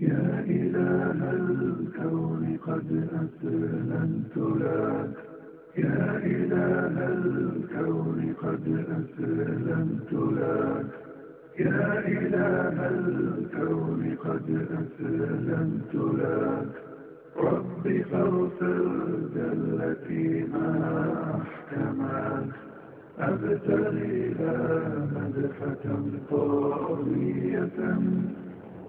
يا إله الكون قد أسلمت لك يا إله الكون قد أسلمت لك يا إله الكون قد أسلمت لك رب فاغفر جلتي ما أحكمك أبتغي لا مدحة طاغية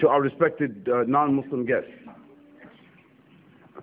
to our respected uh, non-Muslim guests.